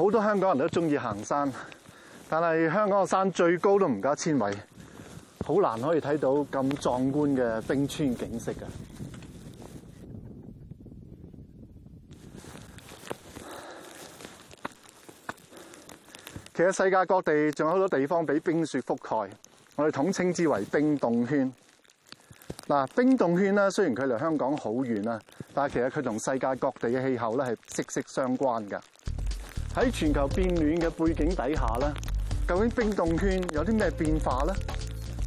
好多香港人都中意行山，但係香港嘅山最高都唔夠千米，好難可以睇到咁壯觀嘅冰川景色噶。其實世界各地仲有好多地方俾冰雪覆蓋，我哋統稱之為冰凍圈。嗱，冰凍圈咧，雖然佢離香港好遠啊，但係其實佢同世界各地嘅氣候咧係息息相關噶。喺全球變暖嘅背景底下，究竟冰凍圈有啲咩變化呢？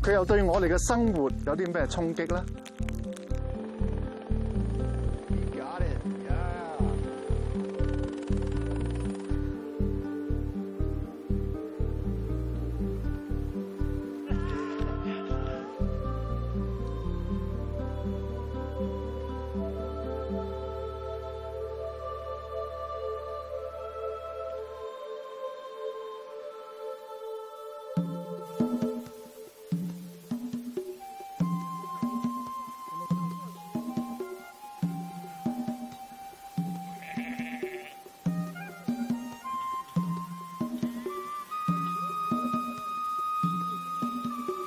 佢又對我哋嘅生活有啲咩衝擊呢？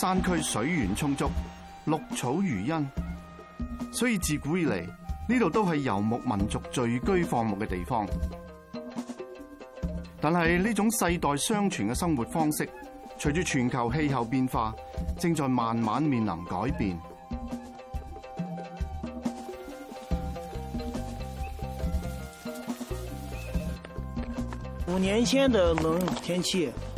山區水源充足，綠草如茵，所以自古以來呢度都係游牧民族聚居放牧嘅地方。但係呢種世代相傳嘅生活方式，隨住全球氣候變化，正在慢慢面臨改變。五年前的冷天氣。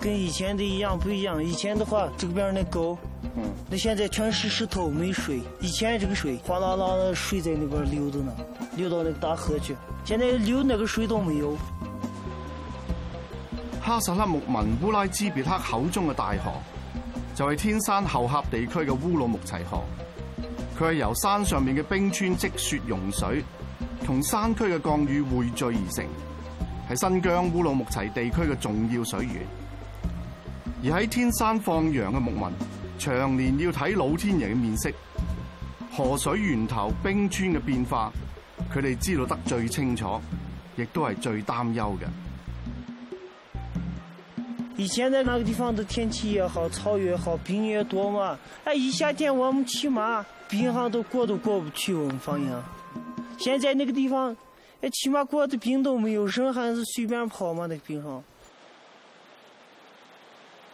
跟以前的一樣不一樣？以前的話，這邊的那高，嗯，那現在全是石頭，沒水。以前這個水嘩啦啦的水在那邊流着呢，流到那個大河去。現在流那個水都沒有。哈薩拉牧民烏拉茲別克口中嘅大河，就係天山後峽地區嘅烏魯木齊河。佢係由山上面嘅冰川積雪融水，同山區嘅降雨匯聚而成，係新疆烏魯木齊地區嘅重要水源。而喺天山放羊嘅牧民，長年要睇老天爺嘅面色、河水源頭、冰川嘅變化，佢哋知道得最清楚，亦都係最擔憂嘅。以前在那個地方，的天氣也好，草也好，冰也多嘛。哎，一夏天我們騎馬，冰上都過都過不去，我們放羊。現在那個地方，哎，騎馬過都冰都沒有人，人還是隨便跑嘛，那個冰上。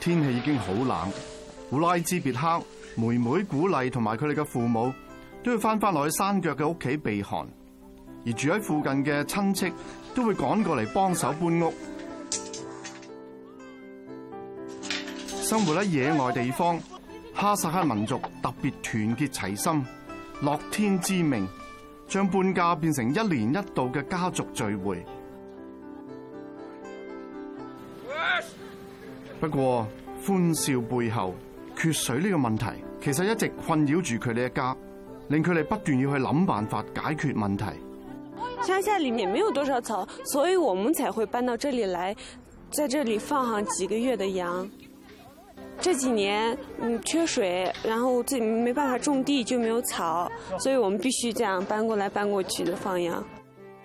天氣已經好冷，烏拉孜別克妹妹古麗同埋佢哋嘅父母都要返返落去山腳嘅屋企避寒，而住喺附近嘅親戚都會趕過嚟幫手搬屋。生活喺野外地方，哈薩克民族特別團結齊心，樂天知命，將搬家變成一年一度嘅家族聚會。不過歡笑背後，缺水呢個問題其實一直困擾住佢哋一家，令佢哋不斷要去諗辦法解決問題。鄉下裏面沒有多少草，所以我們才會搬到這裡來，在這裡放上幾個月的羊。這幾年，嗯，缺水，然後這裡沒辦法種地，就沒有草，所以我們必須這樣搬過來搬過去的放羊。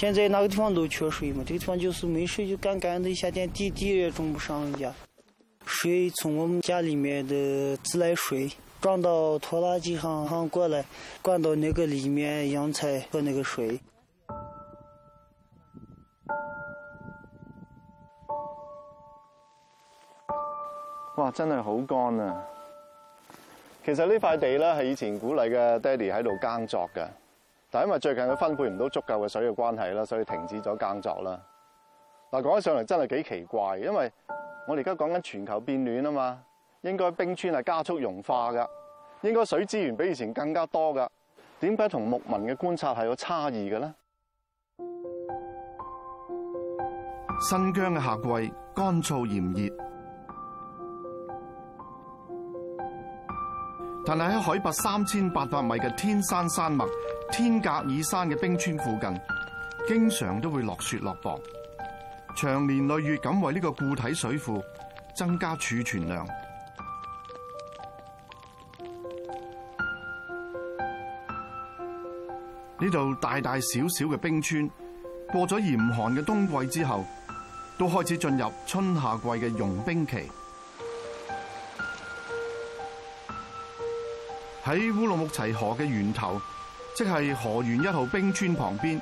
現在哪個地方都缺水嘛，這個地方就是沒水就乾乾的，一下點地地也種不上家水，水從我們家裏面的自來水裝到拖拉機上上過來，灌到那個裏面養菜喝那個水。哇，真係好乾啊！其實呢塊地呢，係以前古麗嘅爹哋喺度耕作嘅。但係因為最近佢分配唔到足夠嘅水嘅關係啦，所以停止咗耕作啦。嗱，講起上嚟真係幾奇怪，因為我哋而家講緊全球變暖啊嘛，應該冰川係加速融化㗎，應該水資源比以前更加多㗎，點解同牧民嘅觀察係有差異嘅咧？新疆嘅夏季乾燥炎熱。但係喺海拔三千八百米嘅天山山脈、天格爾山嘅冰川附近，經常都會落雪落雹，長年累月咁為呢個固體水庫增加儲存量。呢度大大小小嘅冰川，過咗嚴寒嘅冬季之後，都開始進入春夏季嘅融冰期。喺烏魯木齊河嘅源頭，即係河源一號冰川旁邊，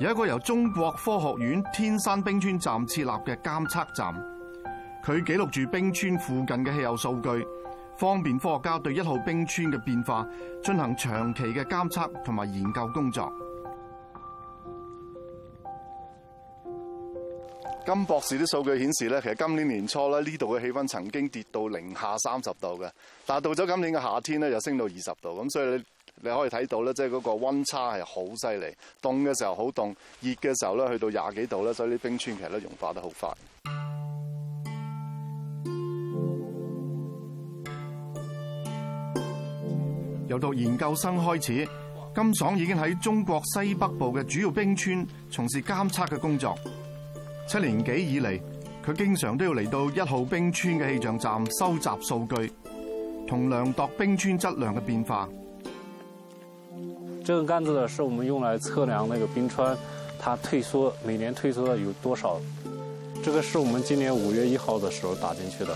有一個由中國科學院天山冰川站設立嘅監測站，佢記錄住冰川附近嘅氣候數據，方便科學家對一號冰川嘅變化進行長期嘅監測同埋研究工作。金博士啲數據顯示咧，其實今年年初咧，呢度嘅氣温曾經跌到零下三十度嘅，但係到咗今年嘅夏天咧，又升到二十度，咁所以你你可以睇到咧，即係嗰個温差係好犀利，凍嘅時候好凍，熱嘅時候咧去到廿幾度咧，所以啲冰川其實都融化得好快。由讀研究生開始，金爽已經喺中國西北部嘅主要冰川從事監測嘅工作。七年幾以嚟，佢經常都要嚟到一號冰川嘅氣象站收集數據，同量度冰川質量嘅變化。這根杆子呢，是我們用來測量那個冰川，它退縮每年退縮的有多少。這個是我們今年五月一號的時候打進去的。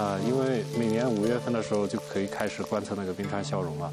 啊，因為每年五月份的時候就可以開始觀測那個冰川消融了。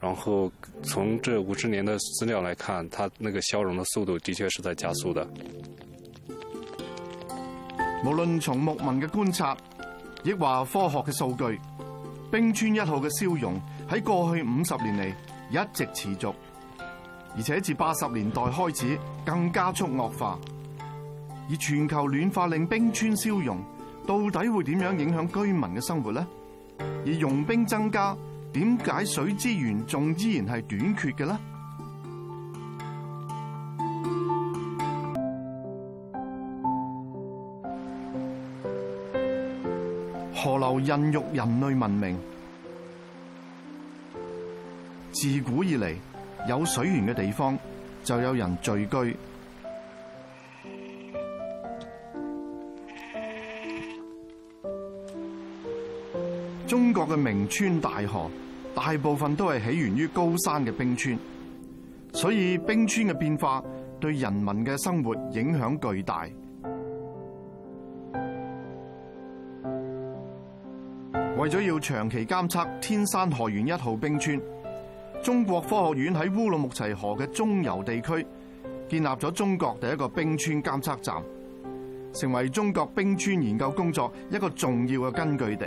然後從這五十年的資料來看，它那個消融的速度的確是在加速的。無論從牧民嘅觀察，抑或科學嘅數據，冰川一號嘅消融喺過去五十年嚟，一直持續，而且自八十年代開始更加速惡化。而全球暖化令冰川消融，到底會點樣影響居民嘅生活呢？而融冰增加，點解水資源仲依然係短缺嘅呢？河流孕育人類文明，自古以嚟有水源嘅地方就有人聚居。中國嘅名川大河大部分都係起源於高山嘅冰川，所以冰川嘅變化對人民嘅生活影響巨大。為咗要長期監測天山河源一號冰川，中國科學院喺烏魯木齊河嘅中游地區建立咗中國第一個冰川監測站，成為中國冰川研究工作一個重要嘅根據地。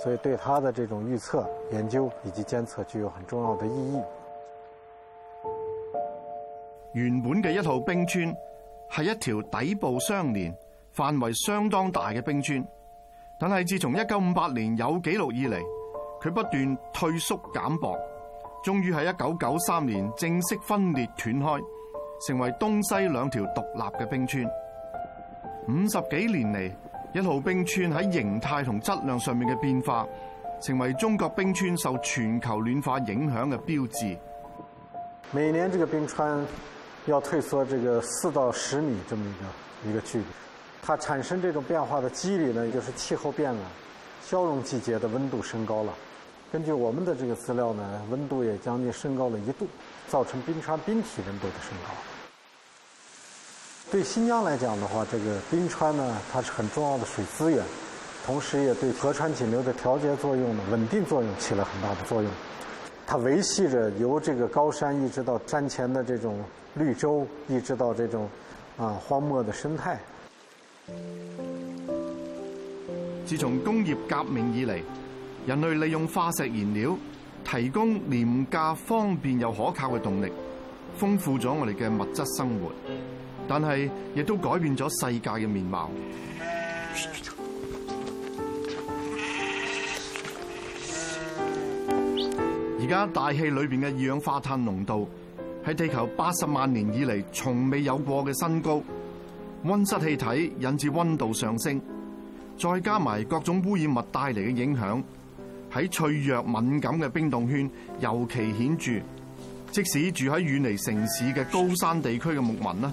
所以對他的這種預測、研究以及監測具有很重要的意義。原本嘅一套冰川係一條底部相連、範圍相當大嘅冰川，但係自從一九五八年有紀錄以來，佢不斷退縮減薄，終於喺一九九三年正式分裂斷開，成為東西兩條獨立嘅冰川。五十幾年嚟。一號冰川喺形態同質量上面嘅變化，成為中國冰川受全球暖化影響嘅標誌。每年這個冰川要退縮這個四到十米這麼一個一個距離，它產生這種變化的機理呢，就是氣候變了，消融季節的溫度升高了。根據我們的這個資料呢，溫度也將近升高了一度，造成冰川冰體溫度的升高。對新疆來講的話，這個冰川呢，它是很重要的水資源，同時也對河川徑流的調節作用、穩定作用起了很大的作用。它維係着由這個高山一直到山前的這種綠洲，一直到這種啊荒漠的生態。自從工業革命以來，人類利用化石燃料，提供廉價、方便又可靠嘅動力，豐富咗我哋嘅物質生活。但係，亦都改變咗世界嘅面貌。而家大氣裏邊嘅二氧化碳濃度喺地球八十萬年以嚟從未有過嘅新高，溫室氣體引致溫度上升，再加埋各種污染物帶嚟嘅影響，喺脆弱敏感嘅冰凍圈尤其顯著。即使住喺遠離城市嘅高山地區嘅牧民呢，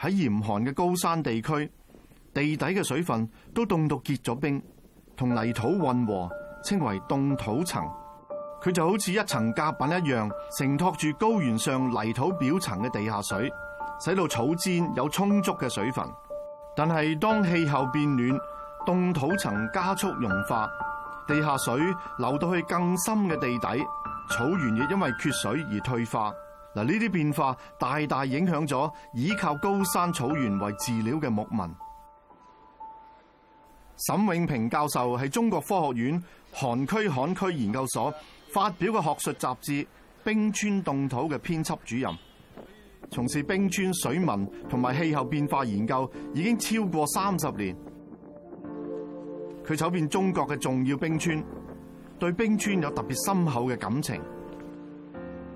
喺嚴寒嘅高山地區，地底嘅水分都凍到結咗冰，同泥土混和，稱為凍土層。佢就好似一層夾板一樣，承托住高原上泥土表層嘅地下水，使到草氈有充足嘅水分。但係當氣候變暖，凍土層加速融化，地下水流到去更深嘅地底，草原亦因為缺水而退化。嗱，呢啲變化大大影響咗依靠高山草原為飼料嘅牧民。沈永平教授係中國科學院寒區旱區研究所發表嘅學術雜誌《冰川凍土》嘅編輯主任，從事冰川水文同埋氣候變化研究已經超過三十年。佢走遍中國嘅重要冰川，對冰川有特別深厚嘅感情。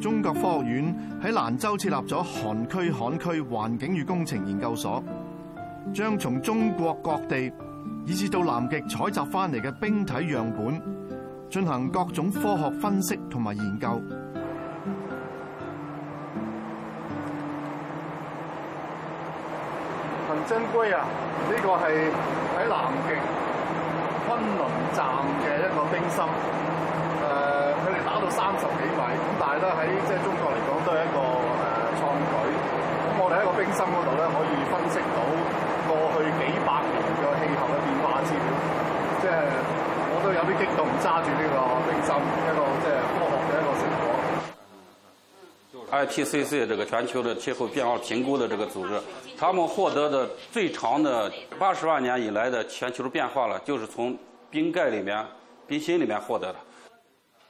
中國科學院喺蘭州設立咗寒區旱區環境與工程研究所，將從中國各地以至到南極採集翻嚟嘅冰體樣本，進行各種科學分析同埋研究、嗯。陳珍龜啊，呢、這個係喺南極崑崙站嘅一個冰芯。誒、嗯。嗯三十幾米，但係咧喺，即係中國嚟講都係一個誒創舉，咁我哋喺個冰芯度咧，可以分析到過去幾百年嘅氣候嘅變化資料，即係我都有啲激動，揸住呢個冰芯一個即係科學嘅一個成果。IPCC 這個全球嘅氣候變化評估嘅這個組織，他們獲得的最長的八十萬年以來的全球變化咧，就是從冰蓋裏面、冰芯裏面獲得嘅。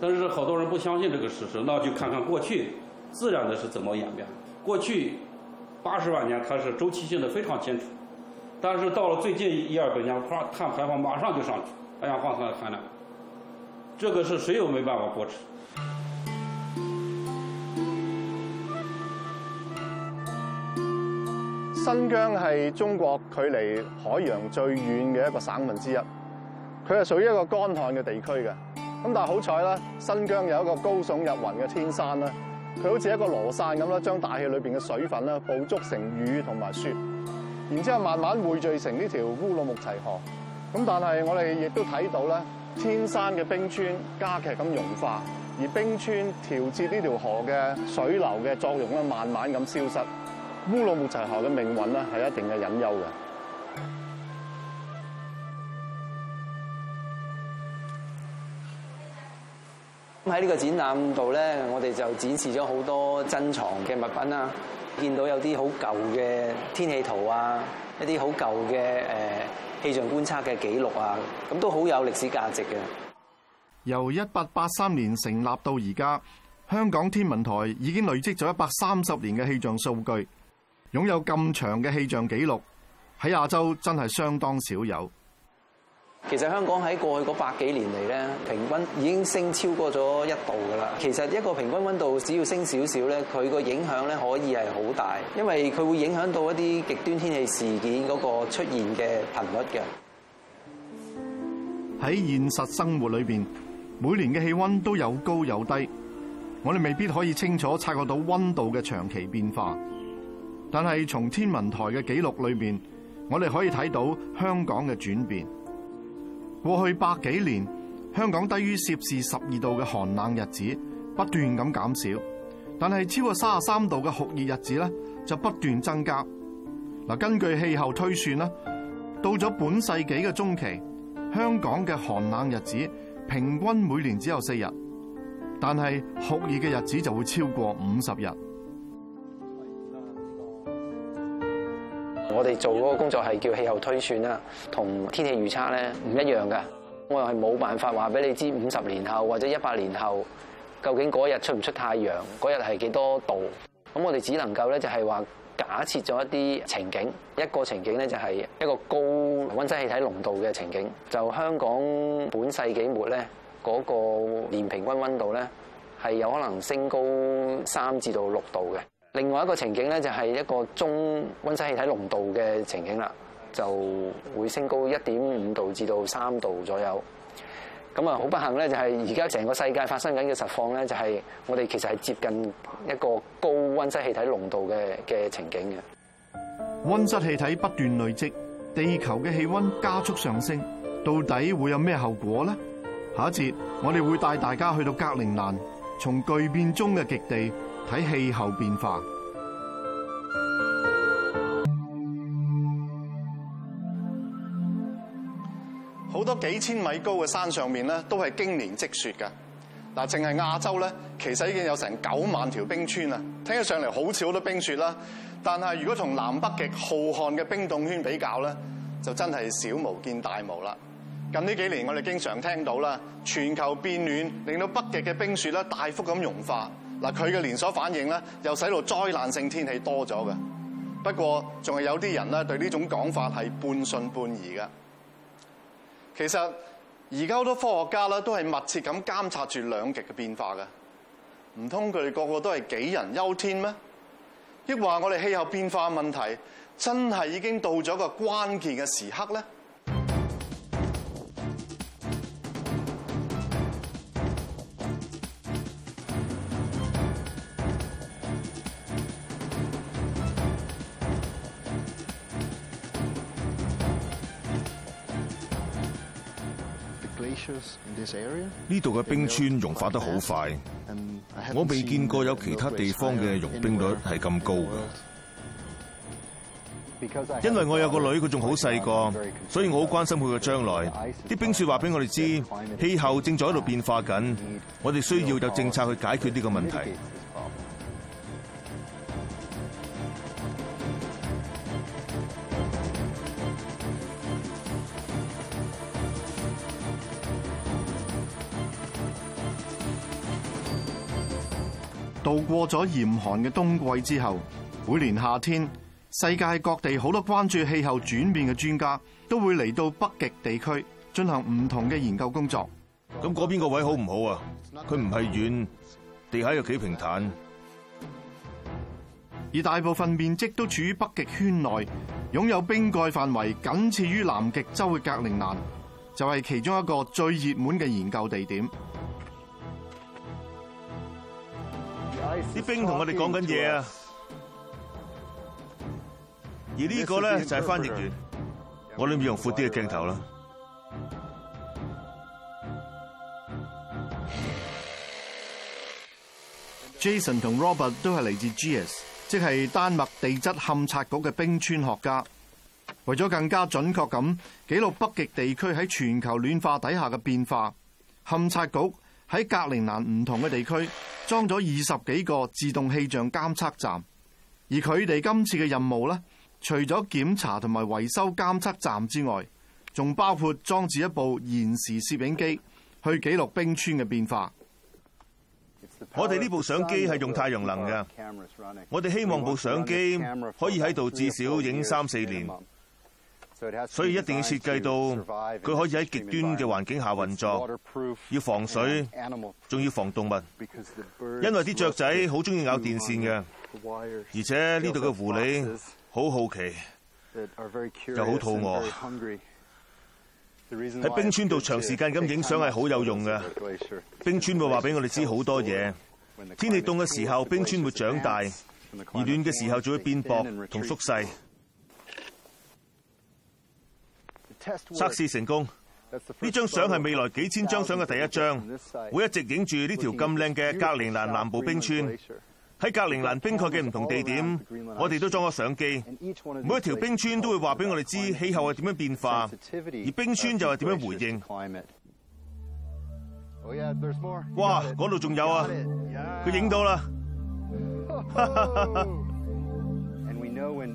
但是好多人不相信這個事實，那就看看過去自然的是怎麼演變。過去八十萬年它是周期性的非常清楚，但是到了最近一二百年，化碳，碳排放馬上就上去，二氧化碳含量，這個是誰又沒辦法過去。新疆係中國距離海洋最遠嘅一個省份之一，佢係屬於一個乾旱嘅地區嘅。咁但係好彩啦，新疆有一個高聳入雲嘅天山啦，佢好似一個羅山咁啦，將大氣裏邊嘅水分啦，捕捉成雨同埋雪，然之後慢慢匯聚成呢條烏魯木齊河。咁但係我哋亦都睇到咧，天山嘅冰川加劇咁融化，而冰川調節呢條河嘅水流嘅作用咧，慢慢咁消失，烏魯木齊河嘅命運咧係一定嘅隱憂嘅。咁喺呢個展覽度呢，我哋就展示咗好多珍藏嘅物品啊，見到有啲好舊嘅天氣圖啊，一啲好舊嘅誒氣象觀察嘅記錄啊，咁都好有歷史價值嘅。由一八八三年成立到而家，香港天文台已經累積咗一百三十年嘅氣象數據，擁有咁長嘅氣象記錄，喺亞洲真係相當少有。其實香港喺過去嗰百幾年嚟咧，平均已經升超過咗一度噶啦。其實一個平均溫度只要升少少咧，佢個影響咧可以係好大，因為佢會影響到一啲極端天氣事件嗰個出現嘅頻率嘅。喺現實生活裏面，每年嘅氣溫都有高有低，我哋未必可以清楚察覺到溫度嘅長期變化。但係從天文台嘅記錄裏面，我哋可以睇到香港嘅轉變。過去百幾年，香港低於攝氏十二度嘅寒冷日子不斷咁減少，但係超過三十三度嘅酷熱日子咧就不斷增加。嗱，根據氣候推算啦，到咗本世紀嘅中期，香港嘅寒冷日子平均每年只有四日，但係酷熱嘅日子就會超過五十日。我哋做嗰個工作係叫氣候推算啦，同天氣預測咧唔一樣嘅。我又係冇辦法話俾你知五十年後或者一百年後究竟嗰日出唔出太陽，嗰日係幾多度？咁我哋只能夠咧就係話假設咗一啲情景，一個情景咧就係一個高溫室氣體濃度嘅情景，就香港本世紀末咧嗰個年平均溫度咧係有可能升高三至到六度嘅。另外一個情景咧，就係一個中溫室氣體濃度嘅情景啦，就會升高一點五度至到三度左右。咁啊，好不幸咧，就係而家成個世界發生緊嘅實況咧，就係我哋其實係接近一個高溫室氣體濃度嘅嘅情景嘅。溫室氣體不斷累積，地球嘅氣溫加速上升，到底會有咩後果咧？下一節我哋會帶大家去到格陵蘭，從巨變中嘅極地。睇氣候變化，好多幾千米高嘅山上面咧，都係經年積雪㗎。嗱，淨係亞洲咧，其實已經有成九萬條冰川啦。聽起上嚟好似好多冰雪啦，但係如果同南北極浩瀚嘅冰凍圈比較咧，就真係小無見大無啦。近呢幾年，我哋經常聽到啦，全球變暖令到北極嘅冰雪咧，大幅咁融化。嗱，佢嘅連鎖反應咧，又使到災難性天氣多咗嘅。不過，仲係有啲人咧對呢種講法係半信半疑嘅。其實，而家好多科學家咧都係密切咁監察住兩極嘅變化嘅，唔通佢哋個個都係杞人憂天咩？抑或我哋氣候變化問題真係已經到咗個關鍵嘅時刻咧？呢度嘅冰川融化得好快，我未見過有其他地方嘅融冰率係咁高嘅。因為我有個女，佢仲好細個，所以我好關心佢嘅將來。啲冰雪話俾我哋知，氣候正在喺度變化緊，我哋需要有政策去解決呢個問題。渡過咗嚴寒嘅冬季之後，每年夏天，世界各地好多關注氣候轉變嘅專家都會嚟到北極地區進行唔同嘅研究工作。咁嗰邊個位好唔好啊？佢唔係遠，地喺又幾平坦。而大部分面積都處於北極圈內，擁有冰蓋範圍僅次於南極洲嘅格陵蘭，就係其中一個最熱門嘅研究地點。啲兵同我哋講緊嘢啊！而呢個咧就係翻譯員，我諗要用闊啲嘅鏡頭啦。Jason 同 Robert 都係嚟自 GS，即係丹麥地質勘測局嘅冰川學家，為咗更加準確咁記錄北極地區喺全球暖化底下嘅變化，勘測局。喺格陵蘭唔同嘅地區裝咗二十幾個自動氣象監測站，而佢哋今次嘅任務呢，除咗檢查同埋維修監測站之外，仲包括裝置一部延時攝影機去記錄冰川嘅變化。我哋呢部相機係用太陽能嘅，我哋希望部相機可以喺度至少影三四年。所以一定要設計到佢可以喺極端嘅環境下運作，要防水，仲要防動物，因為啲雀仔好中意咬電線嘅，而且呢度嘅狐狸好好奇，又好肚餓。喺冰川度長時間咁影相係好有用㗎，冰川會話俾我哋知好多嘢。天氣凍嘅時候，冰川會長大；而暖嘅時候，就會變薄同縮細。測試成功，呢張相係未來幾千張相嘅第一張，會一直影住呢條咁靚嘅格陵蘭南，南部冰川。喺格陵蘭冰蓋嘅唔同地點，我哋都裝咗相機，每一條冰川都會話俾我哋知氣候係點樣變化，而冰川又係點樣回應。哇，嗰度仲有啊，佢影到啦！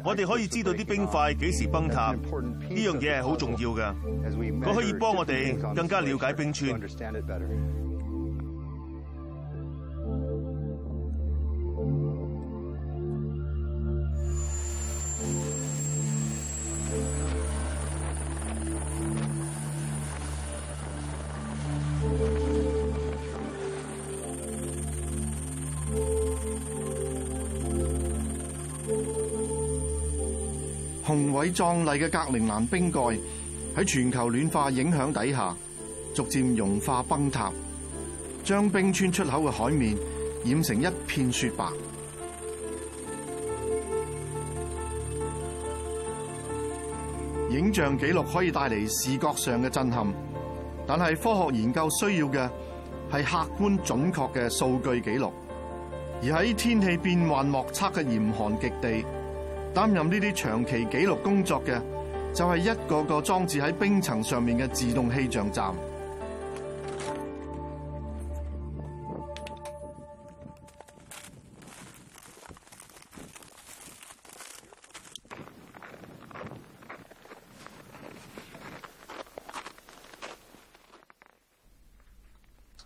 我哋可以知道啲冰塊幾時崩塌，呢樣嘢係好重要嘅。佢可以幫我哋更加了解冰川。喺壯麗嘅格陵蘭冰蓋喺全球暖化影響底下，逐漸融化崩塌，將冰川出口嘅海面染成一片雪白。影像記錄可以帶嚟視覺上嘅震撼，但係科學研究需要嘅係客觀準確嘅數據記錄，而喺天氣變幻莫測嘅嚴寒極地。擔任呢啲長期記錄工作嘅，就係一個個裝置喺冰層上面嘅自動氣象站。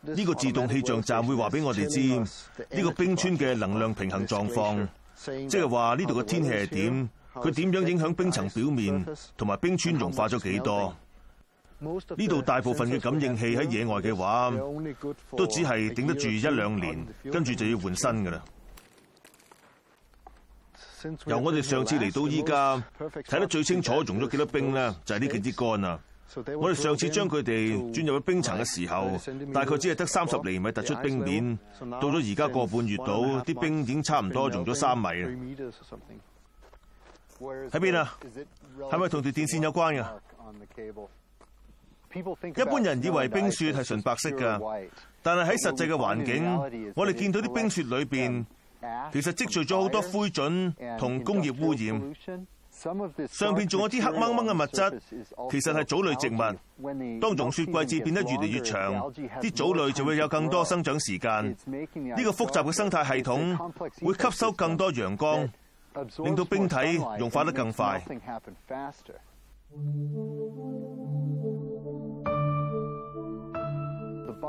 呢個自動氣象站會話俾我哋知，呢個冰川嘅能量平衡狀況。即係話呢度嘅天氣係點，佢點樣影響冰層表面同埋冰川融化咗幾多？呢度大部分嘅感應器喺野外嘅話，都只係頂得住一兩年，跟住就要換新噶啦。由我哋上次嚟到依家，睇得最清楚融咗幾多冰咧，就係呢幾支杆啊。我哋上次將佢哋轉入去冰層嘅時候，大概只係得三十厘米突出冰面。到咗而家個半月度，啲冰已經差唔多融咗三米啦。喺邊啊？係咪同條電線有關啊？一般人以為冰雪係純白色㗎，但係喺實際嘅環境，我哋見到啲冰雪裏邊，其實積聚咗好多灰燼同工業污染。上邊仲有啲黑掹掹嘅物質，其實係藻類植物。當融雪季節變得越嚟越長，啲藻類就會有更多生長時間。呢個複雜嘅生態系統會吸收更多陽光，令到冰體融化得更快。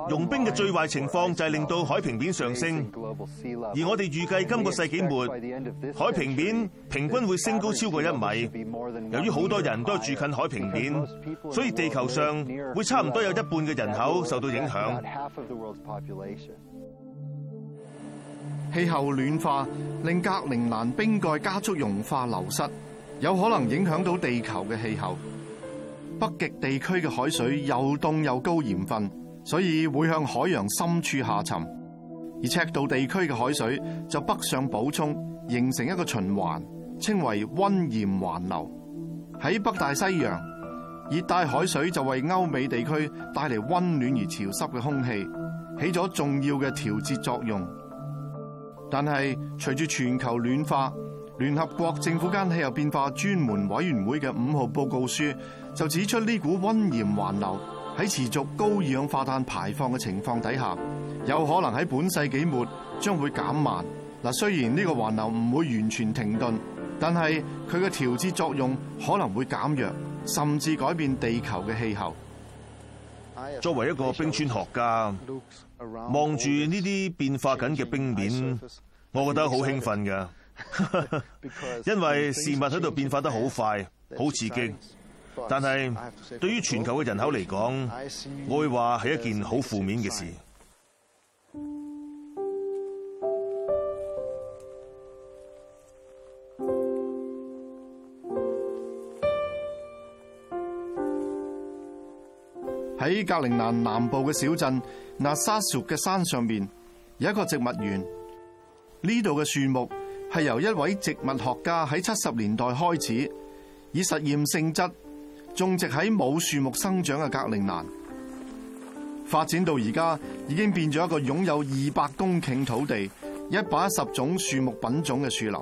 融冰嘅最壞情況就係令到海平面上升，而我哋預計今個世紀末海平面平均會升高超過一米。由於好多人都住近海平面，所以地球上會差唔多有一半嘅人口受到影響。氣候暖化令格陵蘭冰蓋加速融化流失，有可能影響到地球嘅氣候。北極地區嘅海水又凍又高鹽分。所以會向海洋深處下沉，而赤道地區嘅海水就北上補充，形成一個循環，稱為溫鹽環流。喺北大西洋，熱帶海水就為歐美地區帶嚟溫暖而潮濕嘅空氣，起咗重要嘅調節作用。但係隨住全球暖化，聯合國政府間氣候變化專門委員會嘅五號報告書就指出，呢股溫鹽環流，喺持續高二氧化碳排放嘅情況底下，有可能喺本世紀末將會減慢。嗱，雖然呢個環流唔會完全停頓，但係佢嘅調節作用可能會減弱，甚至改變地球嘅氣候。作為一個冰川學家，望住呢啲變化緊嘅冰面，我覺得好興奮㗎， 因為事物喺度變化得好快，好刺激。但係，對於全球嘅人口嚟講，我會話係一件好負面嘅事。喺格陵蘭南，南部嘅小鎮納沙殊嘅山上面，有一個植物園。呢度嘅樹木係由一位植物學家喺七十年代開始以實驗性質。種植喺冇樹木生長嘅格陵蘭，發展到而家已經變咗一個擁有二百公頃土地、一百十種樹木品種嘅樹林。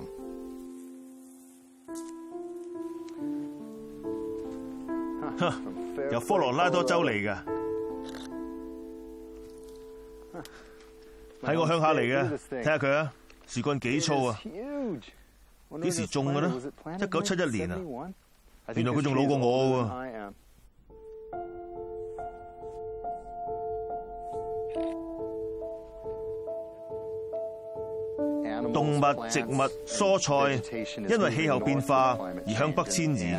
由科羅拉多州嚟嘅，喺我鄉下嚟嘅，睇下佢啊，樹幹幾粗啊，幾時種嘅呢？一九七一年啊。原來佢仲老過我喎。動物、植物、蔬菜，因為氣候變化而向北遷移。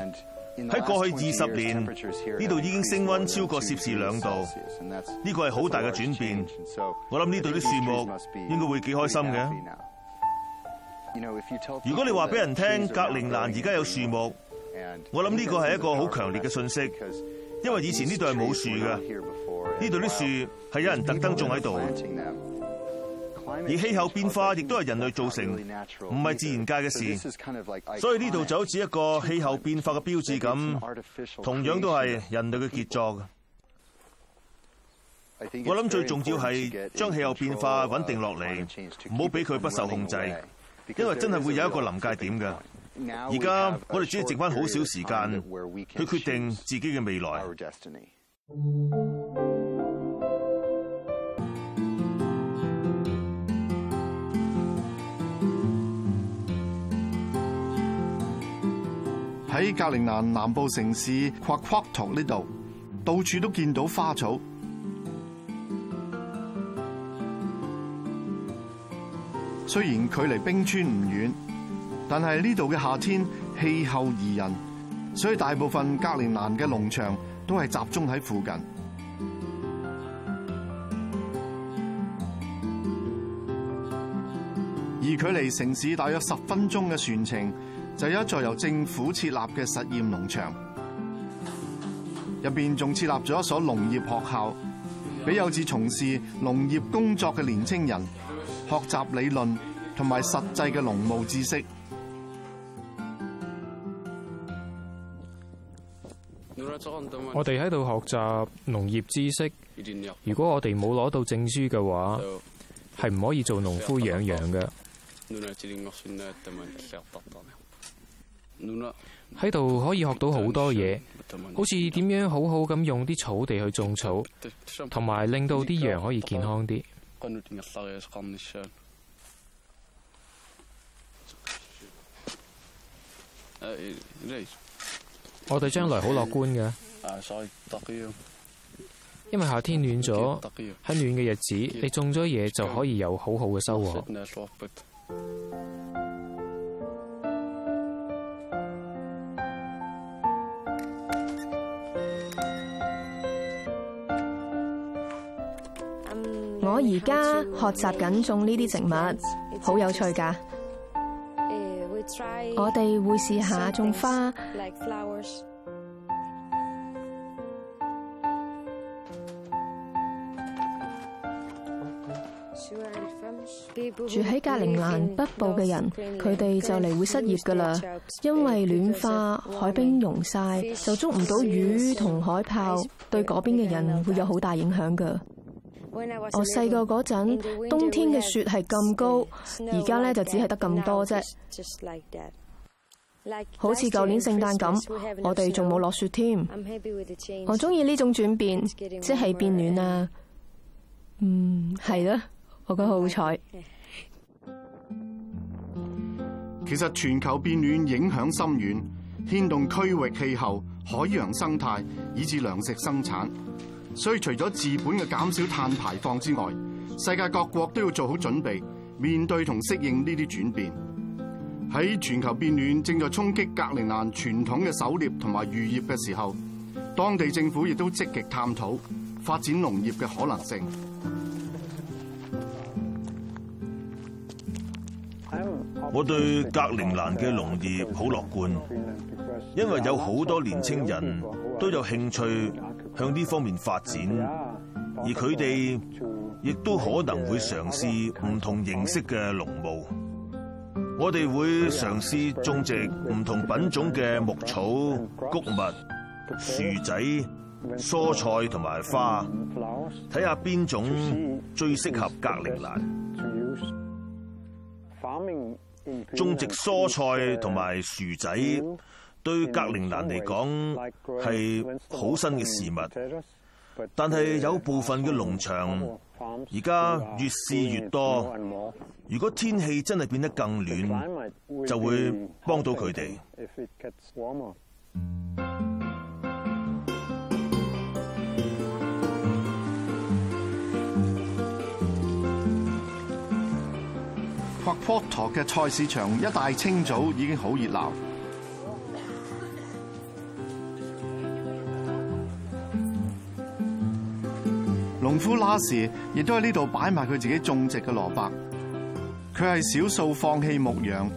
喺過去二十年，呢度已經升溫超過攝氏兩度。呢個係好大嘅轉變。我諗呢度啲樹木應該會幾開心嘅。如果你話俾人聽，格陵蘭而家有樹木。我諗呢個係一個好強烈嘅信息，因為以前呢度係冇樹嘅，呢度啲樹係有人特登種喺度。而氣候變化亦都係人類造成，唔係自然界嘅事，所以呢度就好似一個氣候變化嘅標誌咁，同樣都係人類嘅傑作。我諗最重要係將氣候變化穩定落嚟，唔好俾佢不受控制，因為真係會有一個臨界點㗎。而家我哋只係剩翻好少時間去決定自己嘅未來。喺 格陵蘭南，南部城市夸夸托呢度，到處都見到花草。雖然距離冰川唔遠。但係呢度嘅夏天氣候宜人，所以大部分格陵蘭嘅農場都係集中喺附近。而距離城市大約十分鐘嘅船程，就有一座由政府設立嘅實驗農場，入面仲設立咗一所農業學校，俾有志從事農業工作嘅年青人學習理論同埋實際嘅農務知識。我哋喺度學習農業知識，如果我哋冇攞到證書嘅話，係唔可以做農夫養羊嘅。喺度可以學到好多嘢，好似點樣好好咁用啲草地去種草，同埋令到啲羊可以健康啲。我哋將來好樂觀嘅，因為夏天暖咗，喺暖嘅日子，你種咗嘢就可以有好好嘅收穫。我而家學習緊種呢啲植物，好有趣噶。我哋會試下種花。住喺格陵蘭北部嘅人，佢哋就嚟會失業㗎喇，因為暖化海冰溶晒，就捉唔到魚同海豹，對嗰邊嘅人會有好大影響㗎。我細個嗰陣冬天嘅雪係咁高，而家呢就只係得咁多啫。好似舊年聖誕咁，我哋仲冇落雪添。我中意呢種轉變，即係變暖啊。嗯，係啦，我覺得好彩。其實全球變暖影響深遠，牽動區域氣候、海洋生態，以至糧食生產。所以除咗治本嘅減少碳排放之外，世界各國都要做好準備，面對同適應呢啲轉變。喺全球變暖正在衝擊格陵蘭傳統嘅狩獵同埋漁業嘅時候，當地政府亦都積極探討發展農業嘅可能性。我對格陵蘭嘅農業好樂觀，因為有好多年青人都有興趣向呢方面發展，而佢哋亦都可能會嘗試唔同形式嘅農務。我哋會嘗試種植唔同品種嘅牧草、穀物、薯仔、蔬菜同埋花，睇下邊種最適合格陵蘭。種植蔬菜同埋薯仔對格陵蘭嚟講係好新嘅事物。但係有部分嘅農場，而家越試越多。如果天氣真係變得更暖，就會幫到佢哋。泊泊陀嘅菜市場一大清早已經好熱鬧。農夫拉時亦都喺呢度擺埋佢自己種植嘅蘿蔔，佢係少數放棄牧羊，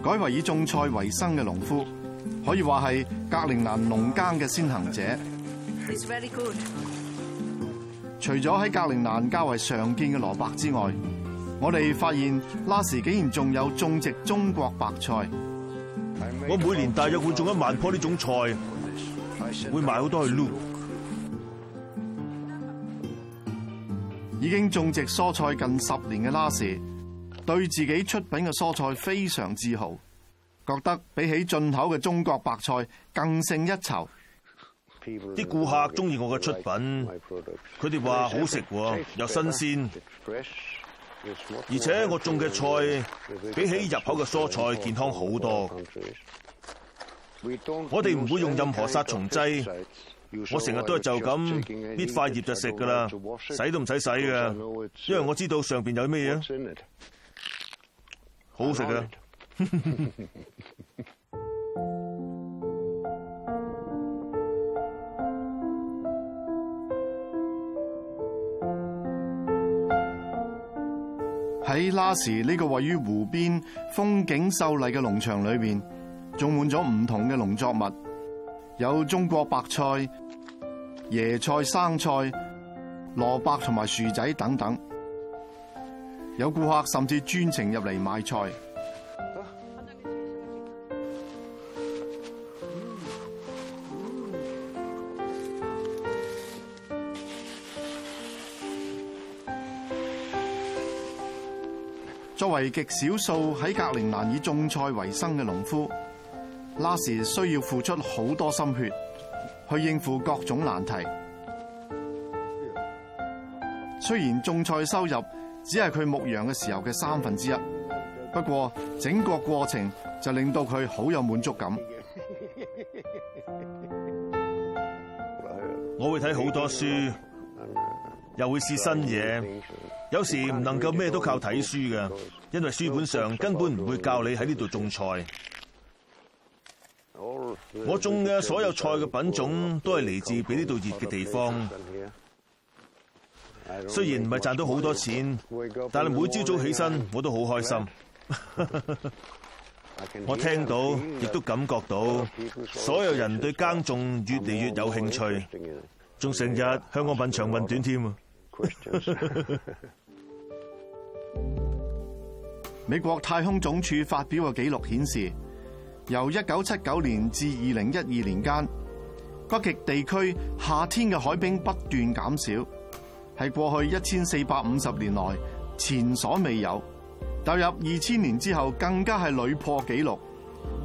改為以種菜為生嘅農夫，可以話係格陵蘭農耕嘅先行者。It's very good. 除咗喺格陵蘭較為常見嘅蘿蔔之外，我哋發現拉時竟然仲有種植中國白菜。我每年大約會種一萬棵呢種菜，會賣好多去撈。已經種植蔬菜近十年嘅拉士，對自己出品嘅蔬菜非常自豪，覺得比起進口嘅中國白菜更勝一籌。啲顧客中意我嘅出品，佢哋話好食喎，又新鮮，而且我種嘅菜比起入口嘅蔬菜健康好多。我哋唔會用任何殺蟲劑。我成日都係就咁搣塊葉就食噶啦，洗都唔使洗噶，因為我知道上邊有咩嘢，好食噶。喺拉時呢個位於湖邊、風景秀麗嘅農場裏邊，種滿咗唔同嘅農作物。有中國白菜、椰菜、生菜、蘿蔔同埋薯仔等等，有顧客甚至專程入嚟買菜。作為極少數喺格陵蘭以種菜為生嘅農夫。那時需要付出好多心血，去應付各種難題。雖然種菜收入只係佢牧羊嘅時候嘅三分之一，不過整個過程就令到佢好有滿足感。我會睇好多書，又會試新嘢。有時唔能夠咩都靠睇書㗎，因為書本上根本唔會教你喺呢度種菜。我種嘅所有菜嘅品種都係嚟自比呢度熱嘅地方。雖然唔係賺到好多錢，但係每朝早起身我都好開心。我聽到，亦都感覺到所有人對耕種越嚟越有興趣，仲成日向我問長問短添。美國太空總署發表嘅紀錄顯示，由一九七九年至二零一二年間，北極地區夏天嘅海冰不斷減少，係過去一千四百五十年來前所未有。踏入二千年之後，更加係屢破紀錄，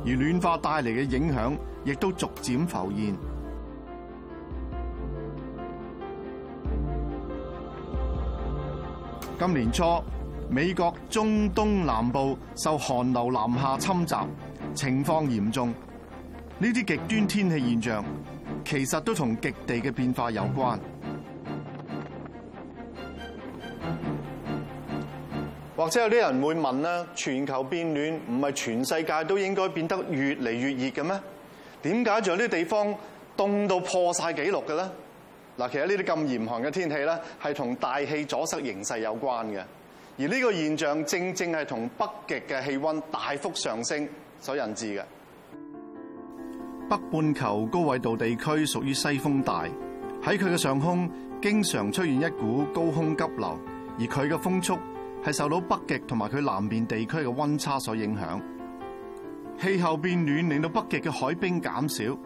而暖化帶嚟嘅影響亦都逐漸浮現。今年初，美國中東南部受寒流南下侵襲。情況嚴重，呢啲極端天氣現象其實都同極地嘅變化有關。或者有啲人會問啦：全球變暖唔係全世界都應該變得越嚟越熱嘅咩？點解仲有啲地方凍到破晒紀錄嘅咧？嗱，其實呢啲咁嚴寒嘅天氣咧，係同大氣阻塞形勢有關嘅。而呢個現象正正係同北極嘅氣温大幅上升，所引致嘅北半球高緯度地區屬於西風帶，喺佢嘅上空經常出現一股高空急流，而佢嘅風速係受到北極同埋佢南邊地區嘅温差所影響。氣候變暖令到北極嘅海冰減少，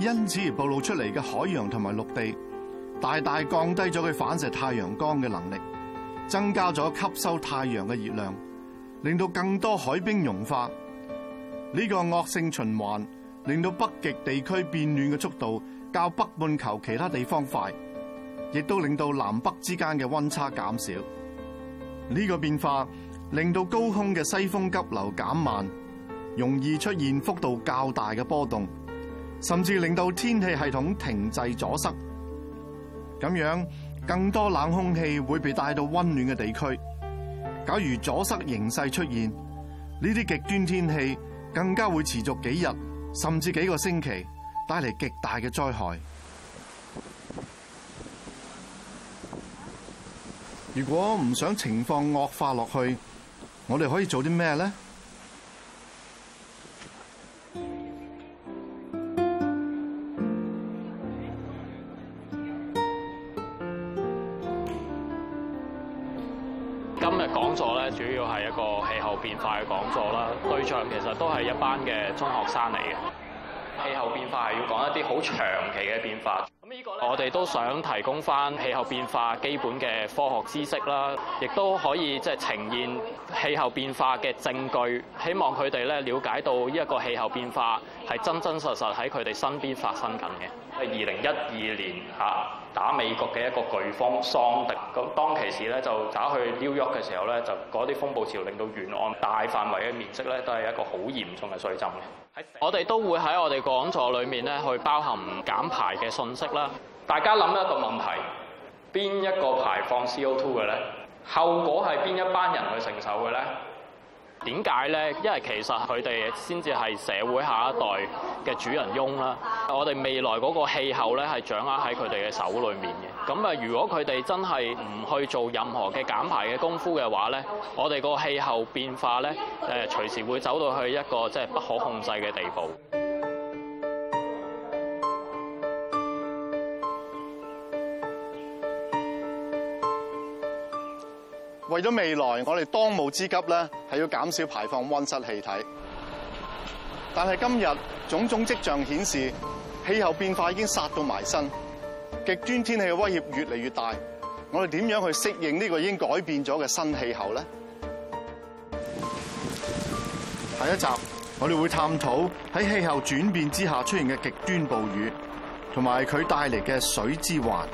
因此而暴露出嚟嘅海洋同埋陸地大大降低咗佢反射太陽光嘅能力，增加咗吸收太陽嘅熱量，令到更多海冰融化。呢個惡性循環令到北極地區變暖嘅速度較北半球其他地方快，亦都令到南北之間嘅溫差減少。呢個變化令到高空嘅西風急流減慢，容易出現幅度較大嘅波動，甚至令到天氣系統停滯阻塞。咁樣，更多冷空氣會被帶到溫暖嘅地區。假如阻塞形勢出現，呢啲極端天氣，更加會持續幾日，甚至幾個星期，帶嚟極大嘅災害。如果唔想情況惡化落去，我哋可以做啲咩呢？嘅中學生嚟嘅，氣候變化係要講一啲好長期嘅變化。我哋都想提供翻氣候變化基本嘅科學知識啦，亦都可以即係呈現氣候變化嘅證據，希望佢哋咧了解到呢一個氣候變化係真真實實喺佢哋身邊發生緊嘅。二零一二年吓打美國嘅一個颶風桑迪，咁當其時咧就打去紐約嘅時候咧，就嗰啲風暴潮令到沿岸大範圍嘅面積咧都係一個好嚴重嘅水浸嘅。我哋都會喺我哋講座裏面咧，去包含減排嘅信息啦。大家諗一個問題，邊一個排放 CO2 嘅咧？後果係邊一班人去承受嘅咧？點解咧？因為其實佢哋先至係社會下一代嘅主人翁啦。我哋未來個氣候咧，係掌握喺佢哋嘅手裏面嘅。咁啊！如果佢哋真係唔去做任何嘅減排嘅功夫嘅話咧，我哋個氣候變化咧，誒隨時會走到去一個即係不可控制嘅地步。為咗未來，我哋當務之急咧係要減少排放溫室氣體。但係今日種種跡象顯示，氣候變化已經殺到埋身。極端天氣嘅威脅越嚟越大，我哋點樣去適應呢個已經改變咗嘅新氣候呢？下一集我哋會探討喺氣候轉變之下出現嘅極端暴雨，同埋佢帶嚟嘅水之環。